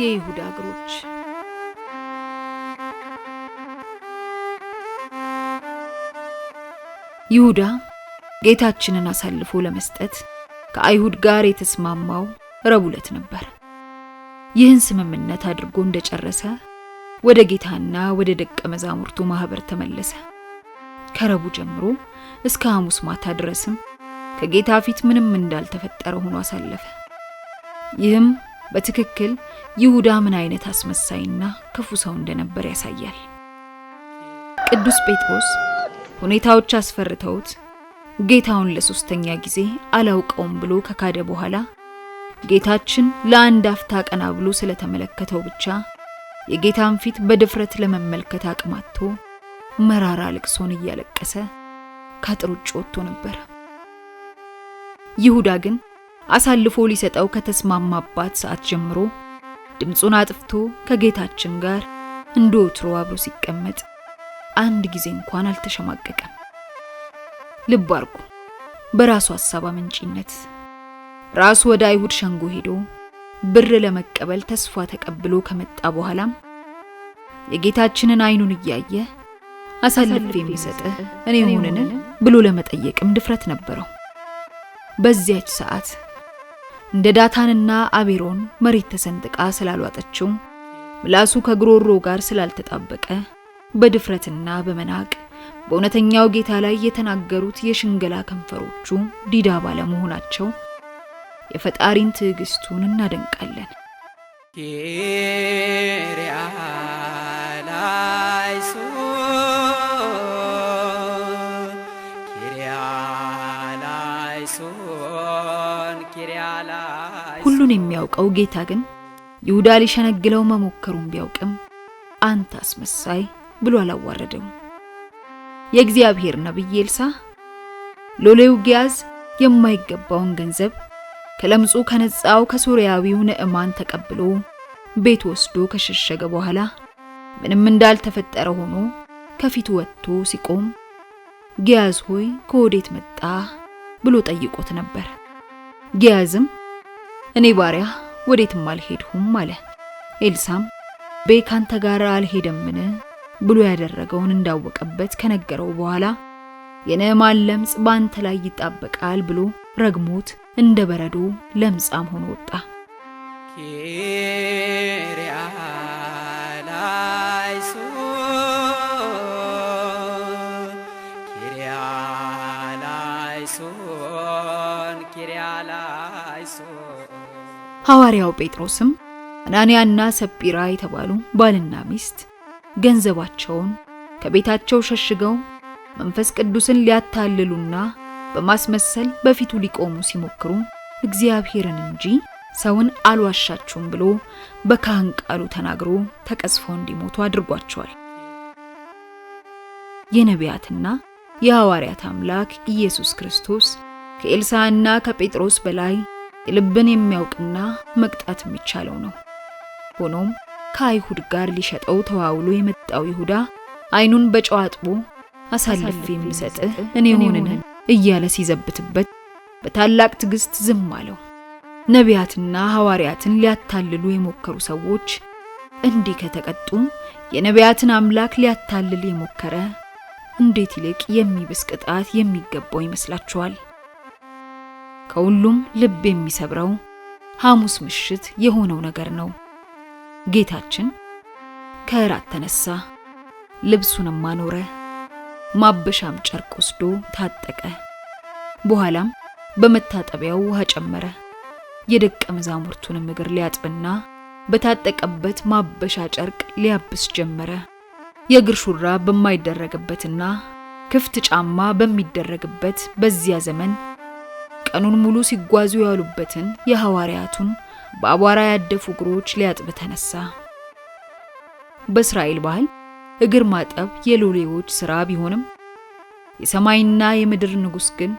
የይሁዳ እግሮች። ይሁዳ ጌታችንን አሳልፎ ለመስጠት ከአይሁድ ጋር የተስማማው ረቡዕ ዕለት ነበር። ይህን ስምምነት አድርጎ እንደጨረሰ ወደ ጌታና ወደ ደቀ መዛሙርቱ ማህበር ተመለሰ። ከረቡዕ ጀምሮ እስከ ሐሙስ ማታ ድረስም ከጌታ ፊት ምንም እንዳልተፈጠረ ሆኖ አሳለፈ። ይህም በትክክል ይሁዳ ምን አይነት አስመሳይና ክፉ ሰው እንደነበር ያሳያል። ቅዱስ ጴጥሮስ ሁኔታዎች አስፈርተውት ጌታውን ለሶስተኛ ጊዜ አላውቀውም ብሎ ከካደ በኋላ ጌታችን ለአንድ አፍታ ቀና ብሎ ስለተመለከተው ብቻ የጌታን ፊት በድፍረት ለመመልከት አቅም አጥቶ መራራ ልቅሶን እያለቀሰ ከአጥር ውጭ ወጥቶ ነበር። ይሁዳ ግን አሳልፎ ሊሰጠው ከተስማማባት ሰዓት ጀምሮ ድምፁን አጥፍቶ ከጌታችን ጋር እንደ ወትሮ አብሮ ሲቀመጥ አንድ ጊዜ እንኳን አልተሸማቀቀም። ልብ አርጉ፣ በራሱ ሐሳብ አመንጪነት ራሱ ወደ አይሁድ ሸንጎ ሄዶ ብር ለመቀበል ተስፋ ተቀብሎ ከመጣ በኋላም የጌታችንን አይኑን እያየ አሳልፌ የሚሰጥህ እኔ ሆንን ብሎ ለመጠየቅም ድፍረት ነበረው። በዚያች ሰዓት እንደ ዳታንና አቤሮን መሬት ተሰንጥቃ ስላልዋጠችው ምላሱ ከጉሮሮ ጋር ስላልተጣበቀ በድፍረትና በመናቅ በእውነተኛው ጌታ ላይ የተናገሩት የሽንገላ ከንፈሮቹ ዲዳ ባለመሆናቸው የፈጣሪን ትዕግስቱን እናደንቃለን። ኪሪያ ሁሉን የሚያውቀው ጌታ ግን ይሁዳ ሊሸነግለው መሞከሩን ቢያውቅም አንተ አስመሳይ ብሎ አላዋረደም። የእግዚአብሔር ነቢይ ኤልሳ ሎሌው ጊያዝ የማይገባውን ገንዘብ ከለምጹ ከነጻው ከሶርያዊው ንዕማን ተቀብሎ ቤት ወስዶ ከሸሸገ በኋላ ምንም እንዳልተፈጠረ ሆኖ ከፊቱ ወጥቶ ሲቆም ጊያዝ ሆይ ከወዴት መጣ ብሎ ጠይቆት ነበር። ጊያዝም እኔ ባሪያ ወዴትም አልሄድሁም አለ። ኤልሳም ቤ ካንተ ጋር አልሄደምን ብሎ ያደረገውን እንዳወቀበት ከነገረው በኋላ የንዕማን ለምጽ በአንተ ላይ ይጣበቃል ብሎ ረግሞት እንደ በረዶ ለምጻም ሆኖ ወጣ። ሐዋርያው ጴጥሮስም አናንያና ሰጲራ የተባሉ ባልና ሚስት ገንዘባቸውን ከቤታቸው ሸሽገው መንፈስ ቅዱስን ሊያታልሉና በማስመሰል በፊቱ ሊቆሙ ሲሞክሩ እግዚአብሔርን እንጂ ሰውን አልዋሻችሁም ብሎ በካህን ቃሉ ተናግሮ ተቀስፎ እንዲሞቱ አድርጓቸዋል። የነቢያትና የሐዋርያት አምላክ ኢየሱስ ክርስቶስ ከኤልሳዕና ከጴጥሮስ በላይ ልብን የሚያውቅና መቅጣት የሚቻለው ነው። ሆኖም ከአይሁድ ጋር ሊሸጠው ተዋውሎ የመጣው ይሁዳ አይኑን በጨው አጥቦ አሳልፌ የምሰጥህ እኔ ሆንን እያለ ሲዘብትበት በታላቅ ትዕግስት ዝም አለው። ነቢያትና ሐዋርያትን ሊያታልሉ የሞከሩ ሰዎች እንዲህ ከተቀጡ የነቢያትን አምላክ ሊያታልል የሞከረ እንዴት ይልቅ የሚብስ ቅጣት የሚገባው ይመስላችኋል? ከሁሉም ልብ የሚሰብረው ሐሙስ ምሽት የሆነው ነገር ነው። ጌታችን ከእራት ተነሳ፣ ልብሱንም አኖረ፣ ማበሻም ጨርቅ ወስዶ ታጠቀ። በኋላም በመታጠቢያው ውሃ ጨመረ። የደቀ መዛሙርቱንም እግር ሊያጥብና በታጠቀበት ማበሻ ጨርቅ ሊያብስ ጀመረ። የእግር ሹራ በማይደረግበትና ክፍት ጫማ በሚደረግበት በዚያ ዘመን ቀኑን ሙሉ ሲጓዙ ያሉበትን የሐዋርያቱን በአቧራ ያደፉ እግሮች ሊያጥብ ተነሳ። በእስራኤል ባህል እግር ማጠብ የሎሌዎች ሥራ ቢሆንም የሰማይና የምድር ንጉሥ ግን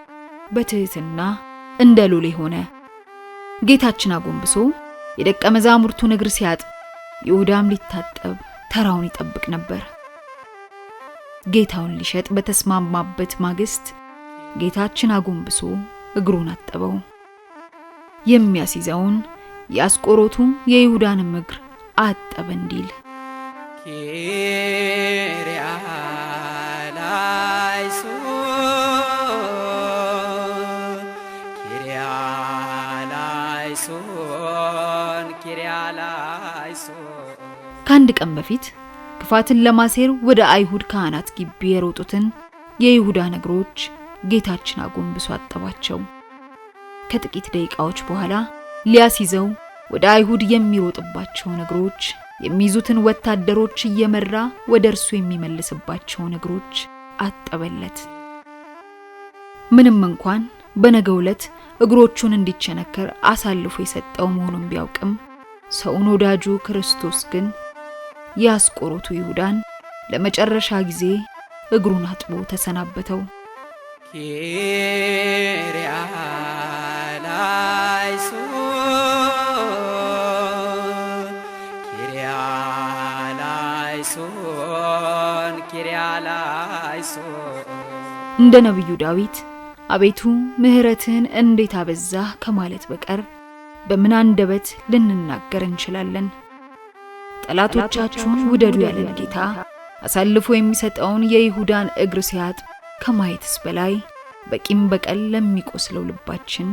በትሕትና እንደ ሎሌ ሆነ። ጌታችን አጎንብሶ የደቀ መዛሙርቱን እግር ሲያጥብ ይሁዳም ሊታጠብ ተራውን ይጠብቅ ነበር። ጌታውን ሊሸጥ በተስማማበት ማግስት ጌታችን አጎንብሶ እግሩን አጠበው። የሚያስይዘውን የአስቆሮቱ የይሁዳንም እግር አጠበ እንዲል ከአንድ ቀን በፊት ክፋትን ለማሴር ወደ አይሁድ ካህናት ግቢ የሮጡትን የይሁዳን እግሮች ጌታችን አጎንብሶ አጠባቸው። ከጥቂት ደቂቃዎች በኋላ ሊያስይዘው ወደ አይሁድ የሚሮጥባቸውን እግሮች፣ የሚይዙትን ወታደሮች እየመራ ወደ እርሱ የሚመልስባቸውን እግሮች አጠበለት። ምንም እንኳን በነገው ዕለት እግሮቹን እንዲቸነከር አሳልፎ የሰጠው መሆኑን ቢያውቅም ሰውን ወዳጁ ክርስቶስ ግን የአስቆሮቱ ይሁዳን ለመጨረሻ ጊዜ እግሩን አጥቦ ተሰናበተው። እንደ ነቢዩ ዳዊት አቤቱ ምሕረትህን እንዴት አበዛህ ከማለት በቀር በምን አንደበት ልንናገር እንችላለን? ጠላቶቻችሁን ውደዱ ያለን ጌታ አሳልፎ የሚሰጠውን የይሁዳን እግር ሲያጥ ከማየትስ በላይ በቂም በቀል ለሚቆስለው ልባችን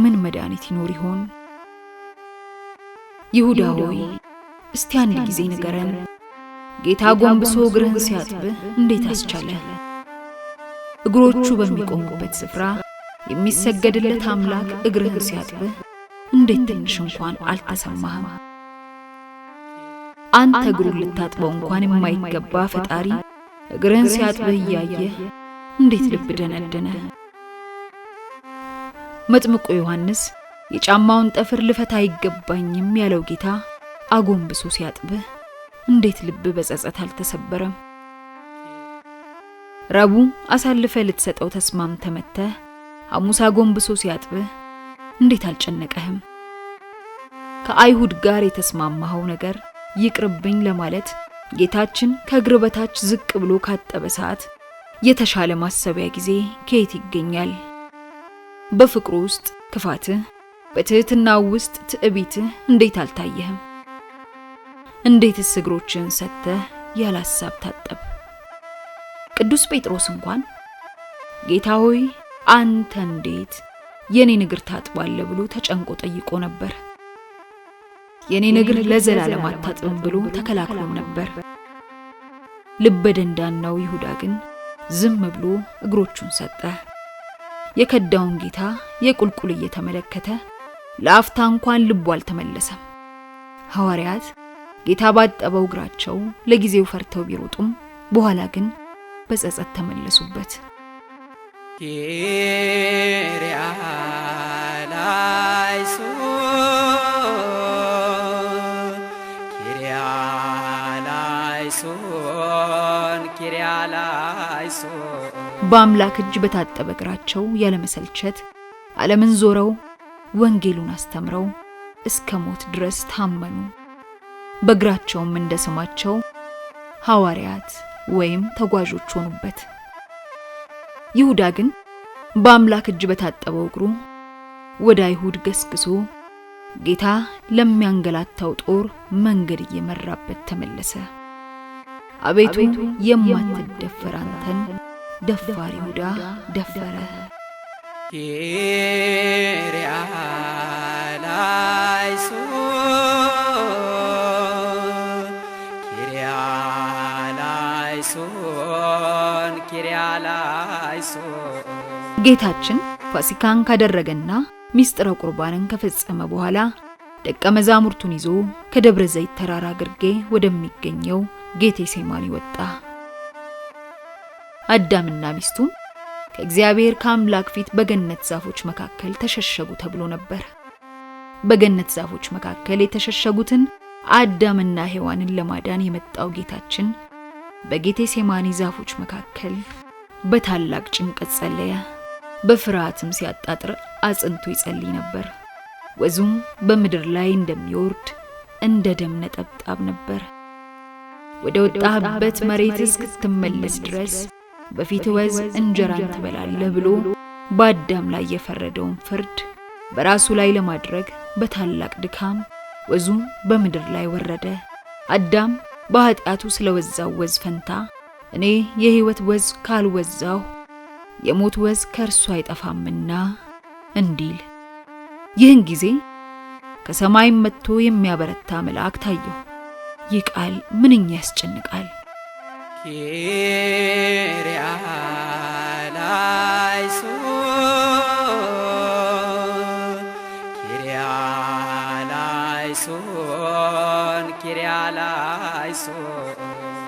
ምን መድኃኒት ይኖር ይሆን? ይሁዳ ሆይ እስቲ አንድ ጊዜ ንገረን፣ ጌታ ጎንብሶ እግርህን ሲያጥብህ እንዴት አስቻለ? እግሮቹ በሚቆሙበት ስፍራ የሚሰገድለት አምላክ እግርህን ሲያጥብህ እንዴት ትንሽ እንኳን አልተሰማህም? አንተ እግሩን ልታጥበው እንኳን የማይገባ ፈጣሪ እግርህን ሲያጥብህ እያየህ እንዴት ልብ ደነደነ። መጥምቁ ዮሐንስ የጫማውን ጠፍር ልፈታ አይገባኝም ያለው ጌታ አጎንብሶ ሲያጥብ እንዴት ልብ በጸጸት አልተሰበረም? ረቡ አሳልፈ ልትሰጠው ተስማም ተመተህ ሐሙስ አጎንብሶ ሲያጥብ እንዴት አልጨነቀህም? ከአይሁድ ጋር የተስማማኸው ነገር ይቅርብኝ ለማለት ጌታችን ከእግር በታች ዝቅ ብሎ ካጠበ ሰዓት የተሻለ ማሰቢያ ጊዜ ከየት ይገኛል? በፍቅሩ ውስጥ ክፋትህ፣ በትህትና ውስጥ ትዕቢትህ እንዴት አልታየህም? እንዴትስ እግሮችን ሰጥተህ ያለ ታጠብ? ቅዱስ ጴጥሮስ እንኳን ጌታ ሆይ አንተ እንዴት የኔ እግር ታጥባለህ ብሎ ተጨንቆ ጠይቆ ነበር። የኔ እግር ለዘላለም አታጥብም ብሎ ተከላክሎም ነበር። ልበ ደንዳናው ይሁዳ ግን ዝም ብሎ እግሮቹን ሰጠ። የከዳውን ጌታ የቁልቁል እየተመለከተ ለአፍታ እንኳን ልቡ አልተመለሰም። ሐዋርያት ጌታ ባጠበው እግራቸው ለጊዜው ፈርተው ቢሮጡም በኋላ ግን በጸጸት ተመለሱበት። ኪርያ በአምላክ እጅ በታጠበ እግራቸው ያለመሰልቸት ዓለምን ዞረው ወንጌሉን አስተምረው እስከ ሞት ድረስ ታመኑ። በእግራቸውም እንደ ስማቸው ሐዋርያት ወይም ተጓዦች ሆኑበት። ይሁዳ ግን በአምላክ እጅ በታጠበው እግሩ ወደ አይሁድ ገስግሶ ጌታ ለሚያንገላታው ጦር መንገድ እየመራበት ተመለሰ። አቤቱ የማትደፈር አንተን ደፋር ይሁዳ ደፈረ። ጌታችን ፋሲካን ካደረገና ሚስጥረ ቁርባንን ከፈጸመ በኋላ ደቀ መዛሙርቱን ይዞ ከደብረ ዘይት ተራራ ግርጌ ወደሚገኘው ጌቴሴማኒ ወጣ። አዳምና ሚስቱም ከእግዚአብሔር ከአምላክ ፊት በገነት ዛፎች መካከል ተሸሸጉ ተብሎ ነበር። በገነት ዛፎች መካከል የተሸሸጉትን አዳምና ሔዋንን ለማዳን የመጣው ጌታችን በጌቴሴማኒ ዛፎች መካከል በታላቅ ጭንቀት ጸለየ። በፍርሃትም ሲያጣጥር አጽንቶ ይጸልይ ነበር። ወዙም በምድር ላይ እንደሚወርድ እንደ ደም ነጠብጣብ ነበር። ወደ ወጣህበት መሬት እስክትመለስ ድረስ በፊት ወዝ እንጀራን ትበላለህ ብሎ በአዳም ላይ የፈረደውን ፍርድ በራሱ ላይ ለማድረግ በታላቅ ድካም ወዙም በምድር ላይ ወረደ። አዳም በኃጢአቱ ስለወዛው ወዝ ፈንታ እኔ የሕይወት ወዝ ካልወዛሁ የሞት ወዝ ከእርሱ አይጠፋምና እንዲል ይህን ጊዜ ከሰማይም መጥቶ የሚያበረታ መልአክ ታየው። ይህ ቃል ምንኛ ያስጨንቃል።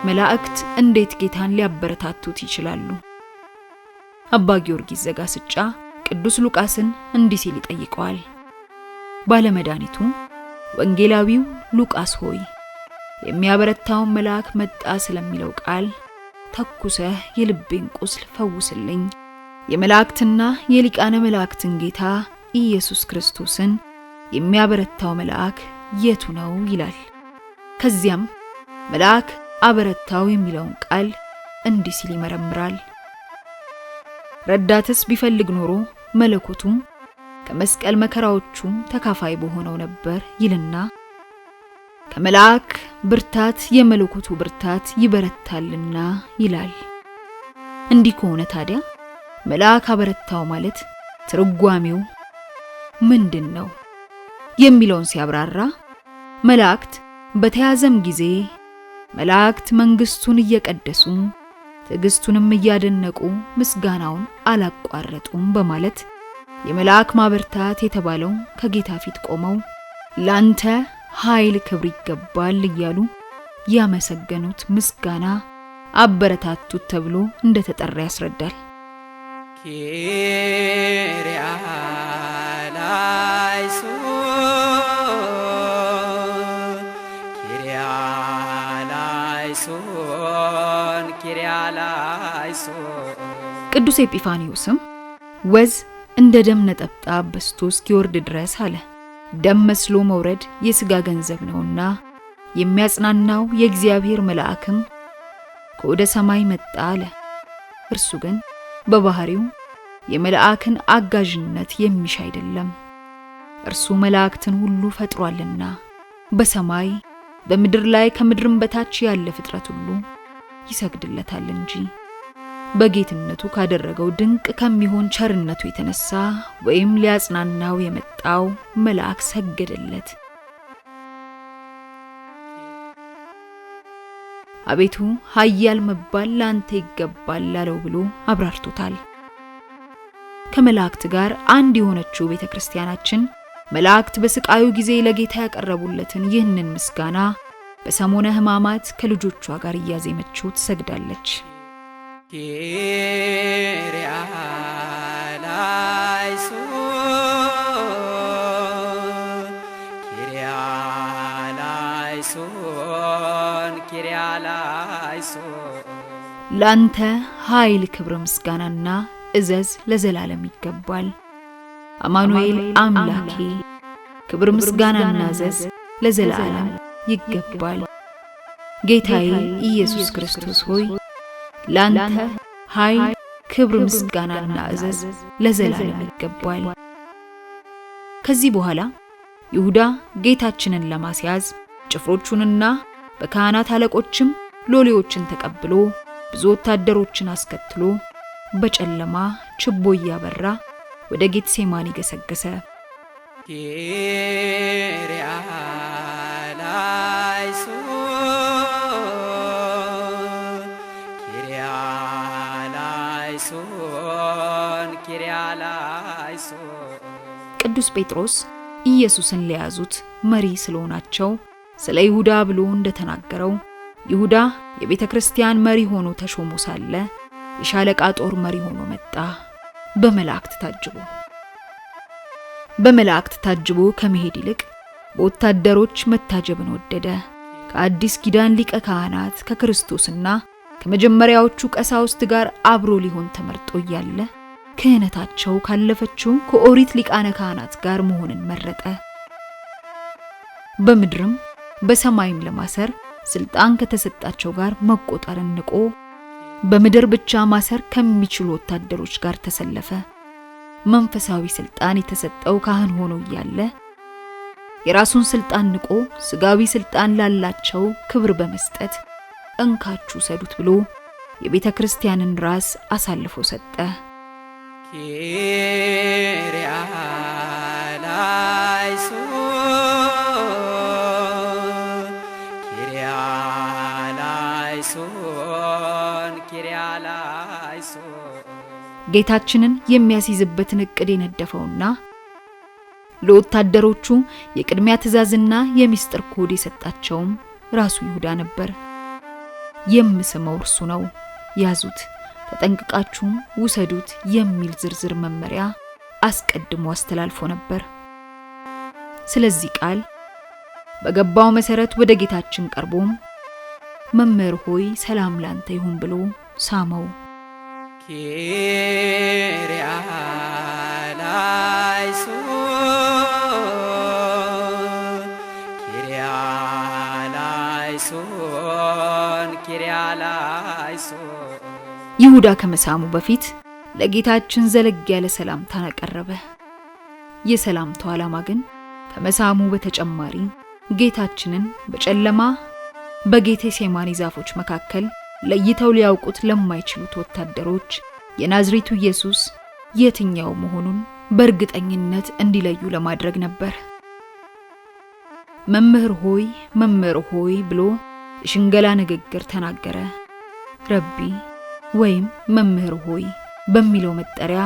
መላእክት እንዴት ጌታን ሊያበረታቱት ይችላሉ? አባ ጊዮርጊስ ዘጋስጫ ቅዱስ ሉቃስን እንዲህ ሲል ይጠይቀዋል። ባለመድኃኒቱ ወንጌላዊው ሉቃስ ሆይ የሚያበረታውን መልአክ መጣ ስለሚለው ቃል ተኩሰህ የልቤን ቁስል ፈውስልኝ የመላእክትና የሊቃነ መላእክትን ጌታ ኢየሱስ ክርስቶስን የሚያበረታው መልአክ የቱ ነው ይላል። ከዚያም መልአክ አበረታው የሚለውን ቃል እንዲህ ሲል ይመረምራል። ረዳትስ ቢፈልግ ኖሮ መለኮቱም ከመስቀል መከራዎቹም ተካፋይ በሆነው ነበር ይልና ከመልአክ ብርታት የመለኮቱ ብርታት ይበረታልና ይላል። እንዲህ ከሆነ ታዲያ መልአክ አበረታው ማለት ትርጓሜው ምንድን ነው የሚለውን ሲያብራራ መላእክት በተያዘም ጊዜ መላእክት መንግስቱን እየቀደሱ ትዕግስቱንም እያደነቁ ምስጋናውን አላቋረጡም በማለት የመልአክ ማበርታት የተባለው ከጌታ ፊት ቆመው ላንተ ኃይል ክብር ይገባል እያሉ ያመሰገኑት ምስጋና አበረታቱት ተብሎ እንደተጠራ ያስረዳል። ኪሪያ ላይሶን ኪሪያ ቅዱስ ኤጲፋኒዮስም ወዝ እንደ ደም ነጠብጣብ በስቶ እስኪወርድ ድረስ አለ። ደም መስሎ መውረድ የሥጋ ገንዘብ ነውና የሚያጽናናው የእግዚአብሔር መልአክም ከወደ ሰማይ መጣ አለ። እርሱ ግን በባህሪው የመልአክን አጋዥነት የሚሻ አይደለም። እርሱ መላእክትን ሁሉ ፈጥሯልና በሰማይ በምድር ላይ ከምድርም በታች ያለ ፍጥረት ሁሉ ይሰግድለታል እንጂ በጌትነቱ ካደረገው ድንቅ ከሚሆን ቸርነቱ የተነሳ ወይም ሊያጽናናው የመጣው መልአክ ሰገደለት። አቤቱ ኃያል መባል ለአንተ ይገባል ላለው ብሎ አብራርቶታል። ከመላእክት ጋር አንድ የሆነችው ቤተ ክርስቲያናችን መላእክት በስቃዩ ጊዜ ለጌታ ያቀረቡለትን ይህንን ምስጋና በሰሞነ ሕማማት ከልጆቿ ጋር እያዜመችው ትሰግዳለች። ለአንተ ኃይል፣ ክብር፣ ምስጋናና እዘዝ ለዘላለም ይገባል። አማኑኤል አምላኬ ክብር ምስጋናና እዘዝ ለዘላለም ይገባል። ጌታዬ ኢየሱስ ክርስቶስ ሆይ ለአንተ ኃይል፣ ክብር፣ ምስጋናና እዘዝ ለዘላለም ይገባል። ከዚህ በኋላ ይሁዳ ጌታችንን ለማስያዝ ጭፍሮቹንና በካህናት አለቆችም ሎሌዎችን ተቀብሎ ብዙ ወታደሮችን አስከትሎ በጨለማ ችቦ እያበራ ወደ ሴማኒ ገሰገሰ። ቅዱስ ጴጥሮስ ኢየሱስን ለያዙት መሪ ስለሆናቸው ስለ ይሁዳ ብሎ እንደተናገረው ይሁዳ የቤተ ክርስቲያን መሪ ሆኖ ተሾሞ ሳለ የሻለቃ ጦር መሪ ሆኖ መጣ። በመላእክት ታጅቦ በመላእክት ታጅቦ ከመሄድ ይልቅ በወታደሮች መታጀብን ወደደ። ከአዲስ ኪዳን ሊቀ ካህናት ከክርስቶስና ከመጀመሪያዎቹ ቀሳውስት ጋር አብሮ ሊሆን ተመርጦ እያለ ክህነታቸው ካለፈችው ከኦሪት ሊቃነ ካህናት ጋር መሆንን መረጠ። በምድርም በሰማይም ለማሰር ስልጣን ከተሰጣቸው ጋር መቆጠርን ንቆ በምድር ብቻ ማሰር ከሚችሉ ወታደሮች ጋር ተሰለፈ። መንፈሳዊ ስልጣን የተሰጠው ካህን ሆኖ እያለ የራሱን ስልጣን ንቆ ስጋዊ ስልጣን ላላቸው ክብር በመስጠት እንካችሁ ሰዱት ብሎ የቤተ ክርስቲያንን ራስ አሳልፎ ሰጠ። ጌታችንን የሚያስይዝበትን እቅድ የነደፈውና ለወታደሮቹ የቅድሚያ ትእዛዝና የሚስጥር ኮድ የሰጣቸውም ራሱ ይሁዳ ነበር። የምስመው እርሱ ነው። ያዙት። ተጠንቅቃችሁም ውሰዱት የሚል ዝርዝር መመሪያ አስቀድሞ አስተላልፎ ነበር። ስለዚህ ቃል በገባው መሰረት ወደ ጌታችን ቀርቦም መምህር ሆይ ሰላም ላንተ ይሁን ብሎ ሳመው። ኬሪያ ላይሶን ይሁዳ ከመሳሙ በፊት ለጌታችን ዘለግ ያለ ሰላምታን አቀረበ። የሰላምታው ዓላማ ግን ከመሳሙ በተጨማሪ ጌታችንን በጨለማ በጌቴ ሴማኒ ዛፎች መካከል ለይተው ሊያውቁት ለማይችሉት ወታደሮች የናዝሬቱ ኢየሱስ የትኛው መሆኑን በእርግጠኝነት እንዲለዩ ለማድረግ ነበር። መምህር ሆይ መምህር ሆይ ብሎ የሽንገላ ንግግር ተናገረ። ረቢ ወይም መምህር ሆይ በሚለው መጠሪያ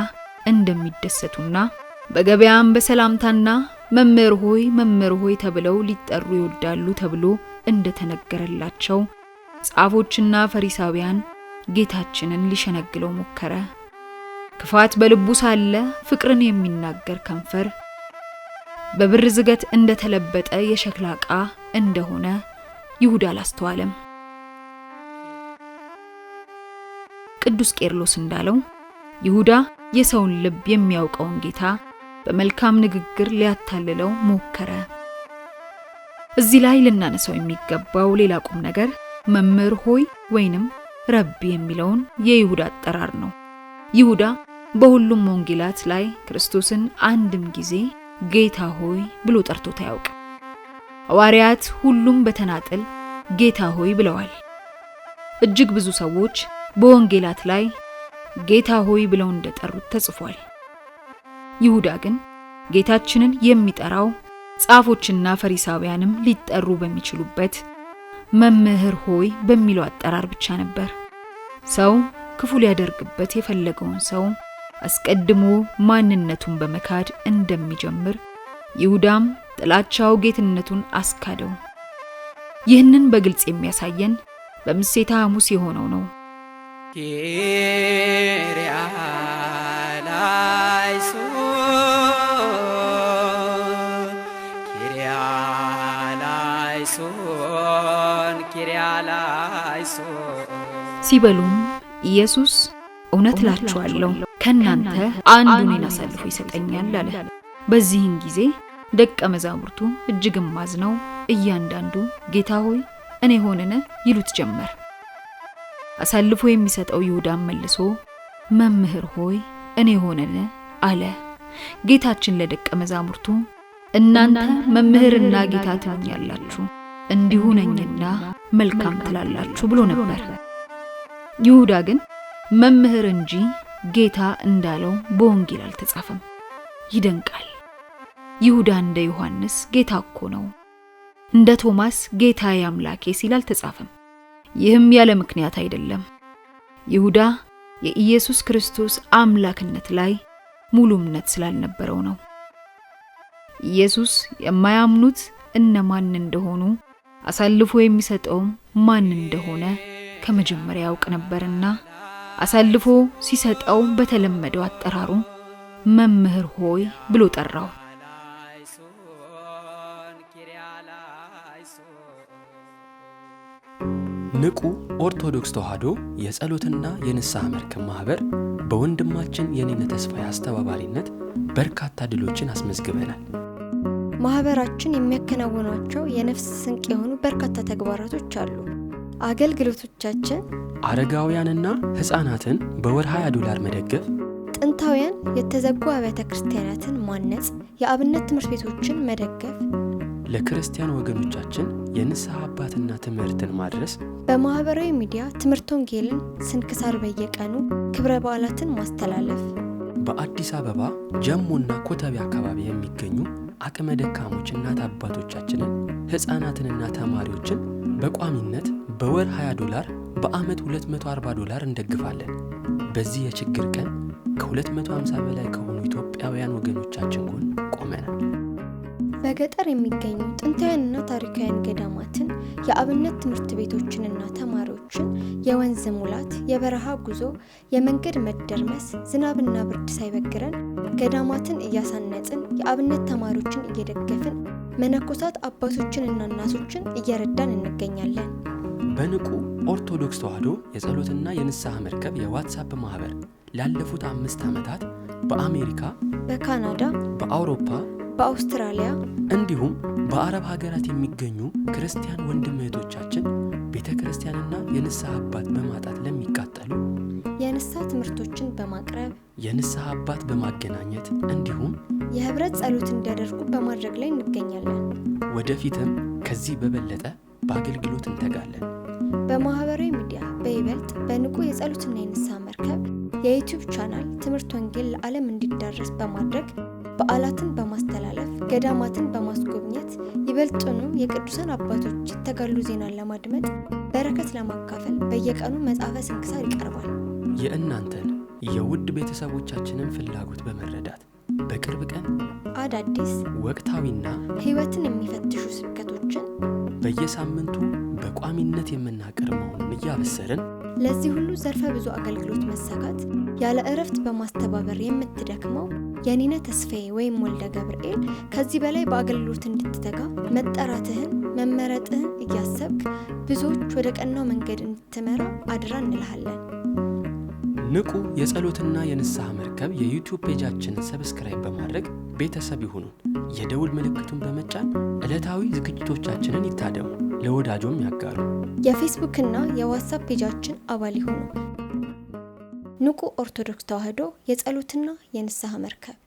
እንደሚደሰቱና በገበያም በሰላምታና መምህር ሆይ መምህር ሆይ ተብለው ሊጠሩ ይወዳሉ ተብሎ እንደተነገረላቸው ጻፎችና ፈሪሳውያን ጌታችንን ሊሸነግለው ሞከረ። ክፋት በልቡ ሳለ ፍቅርን የሚናገር ከንፈር በብር ዝገት እንደተለበጠ የሸክላ ዕቃ እንደሆነ ይሁዳ አላስተዋለም። ቅዱስ ቄርሎስ እንዳለው ይሁዳ የሰውን ልብ የሚያውቀውን ጌታ በመልካም ንግግር ሊያታልለው ሞከረ። እዚህ ላይ ልናነሳው የሚገባው ሌላ ቁም ነገር መምህር ሆይ ወይንም ረቢ የሚለውን የይሁዳ አጠራር ነው። ይሁዳ በሁሉም ወንጌላት ላይ ክርስቶስን አንድም ጊዜ ጌታ ሆይ ብሎ ጠርቶት አያውቅ። ሐዋርያት ሁሉም በተናጠል ጌታ ሆይ ብለዋል። እጅግ ብዙ ሰዎች በወንጌላት ላይ ጌታ ሆይ ብለው እንደጠሩት ተጽፏል። ይሁዳ ግን ጌታችንን የሚጠራው ጻፎችና ፈሪሳውያንም ሊጠሩ በሚችሉበት መምህር ሆይ በሚለው አጠራር ብቻ ነበር። ሰው ክፉ ሊያደርግበት የፈለገውን ሰው አስቀድሞ ማንነቱን በመካድ እንደሚጀምር ይሁዳም ጥላቻው ጌትነቱን አስካደው። ይህንን በግልጽ የሚያሳየን በምሴተ ሐሙስ የሆነው ነው። ሲበሉም ኢየሱስ እውነት እላችኋለሁ ከእናንተ አንዱን አሳልፎ ይሰጠኛል አለ። በዚህን ጊዜ ደቀ መዛሙርቱ እጅግም አዝነው እያንዳንዱ ጌታ ሆይ እኔ ሆንን ይሉት ጀመር። አሳልፎ የሚሰጠው ይሁዳም መልሶ መምህር ሆይ እኔ ሆነን አለ። ጌታችን ለደቀ መዛሙርቱ እናንተ መምህርና ጌታ ትሉኛላችሁ፣ እንዲሁ ነኝና መልካም ትላላችሁ ብሎ ነበር። ይሁዳ ግን መምህር እንጂ ጌታ እንዳለው በወንጌል አልተጻፈም። ይደንቃል። ይሁዳ እንደ ዮሐንስ ጌታ እኮ ነው፣ እንደ ቶማስ ጌታ አምላኬ ሲል አልተጻፈም። ይህም ያለ ምክንያት አይደለም። ይሁዳ የኢየሱስ ክርስቶስ አምላክነት ላይ ሙሉ እምነት ስላልነበረው ነው። ኢየሱስ የማያምኑት እነማን እንደሆኑ አሳልፎ የሚሰጠውም ማን እንደሆነ ከመጀመሪያ ያውቅ ነበርና አሳልፎ ሲሰጠው በተለመደው አጠራሩ መምህር ሆይ ብሎ ጠራው። ንቁ ኦርቶዶክስ ተዋህዶ የጸሎትና የንስሐ መርከብ ማኅበር በወንድማችን የኔነ ተስፋዬ አስተባባሪነት በርካታ ድሎችን አስመዝግበናል። ማኅበራችን የሚያከናውኗቸው የነፍስ ስንቅ የሆኑ በርካታ ተግባራቶች አሉ። አገልግሎቶቻችን አረጋውያንና ሕፃናትን በወር 20 ዶላር መደገፍ፣ ጥንታውያን የተዘጉ አብያተ ክርስቲያናትን ማነጽ፣ የአብነት ትምህርት ቤቶችን መደገፍ ለክርስቲያን ወገኖቻችን የንስሐ አባትና ትምህርትን ማድረስ፣ በማኅበራዊ ሚዲያ ትምህርት ወንጌልን፣ ስንክሳር በየቀኑ ክብረ በዓላትን ማስተላለፍ፣ በአዲስ አበባ ጀሞና ኮተቤ አካባቢ የሚገኙ አቅመ ደካሞች እናት አባቶቻችንን ሕፃናትንና ተማሪዎችን በቋሚነት በወር 20 ዶላር በዓመት 240 ዶላር እንደግፋለን። በዚህ የችግር ቀን ከ250 በላይ ከሆኑ ኢትዮጵያውያን ወገኖቻችን ጎን ቆመናል። በገጠር የሚገኙ ጥንታውያንና ታሪካውያን ገዳማትን፣ የአብነት ትምህርት ቤቶችንና ተማሪዎችን የወንዝ ሙላት፣ የበረሃ ጉዞ፣ የመንገድ መደርመስ፣ ዝናብና ብርድ ሳይበግረን ገዳማትን እያሳነጽን የአብነት ተማሪዎችን እየደገፍን መነኮሳት አባቶችንና እናቶችን እየረዳን እንገኛለን። በንቁ ኦርቶዶክስ ተዋሕዶ የጸሎትና የንስሐ መርከብ የዋትሳፕ ማህበር ላለፉት አምስት ዓመታት በአሜሪካ፣ በካናዳ፣ በአውሮፓ በአውስትራሊያ እንዲሁም በአረብ ሀገራት የሚገኙ ክርስቲያን ወንድም እህቶቻችን ቤተ ክርስቲያንና የንስሐ አባት በማጣት ለሚቃጠሉ የንስሐ ትምህርቶችን በማቅረብ የንስሐ አባት በማገናኘት እንዲሁም የህብረት ጸሎት እንዲያደርጉ በማድረግ ላይ እንገኛለን። ወደፊትም ከዚህ በበለጠ በአገልግሎት እንተጋለን። በማህበራዊ ሚዲያ በይበልጥ በንቁ የጸሎትና የንስሐ መርከብ የዩቲዩብ ቻናል ትምህርት ወንጌል ለዓለም እንዲዳረስ በማድረግ በዓላትን በማስተላለፍ ገዳማትን በማስጎብኘት ይበልጡንም የቅዱሳን አባቶች የተጋሉ ዜናን ለማድመጥ በረከት ለማካፈል በየቀኑ መጽሐፈ ስንክሳር ይቀርባል። የእናንተን የውድ ቤተሰቦቻችንን ፍላጎት በመረዳት በቅርብ ቀን አዳዲስ ወቅታዊና ሕይወትን የሚፈትሹ ስብከቶችን በየሳምንቱ በቋሚነት የምናቀርብ መሆኑን እያበሰርን ለዚህ ሁሉ ዘርፈ ብዙ አገልግሎት መሳካት ያለ እረፍት በማስተባበር የምትደክመው የኔነ ተስፋዬ ወይም ወልደ ገብርኤል ከዚህ በላይ በአገልግሎት እንድትተጋ መጠራትህን መመረጥህን እያሰብክ ብዙዎች ወደ ቀናው መንገድ እንድትመራ አድራ እንልሃለን። ንቁ የጸሎትና የንስሐ መርከብ የዩቲዩብ ፔጃችንን ሰብስክራይብ በማድረግ ቤተሰብ ይሁኑን። የደውል ምልክቱን በመጫን ዕለታዊ ዝግጅቶቻችንን ይታደሙ፣ ለወዳጆም ያጋሩ። የፌስቡክና የዋትሳፕ ፔጃችን አባል ይሁኑ። ንቁ ኦርቶዶክስ ተዋህዶ የጸሎትና የንስሐ መርከብ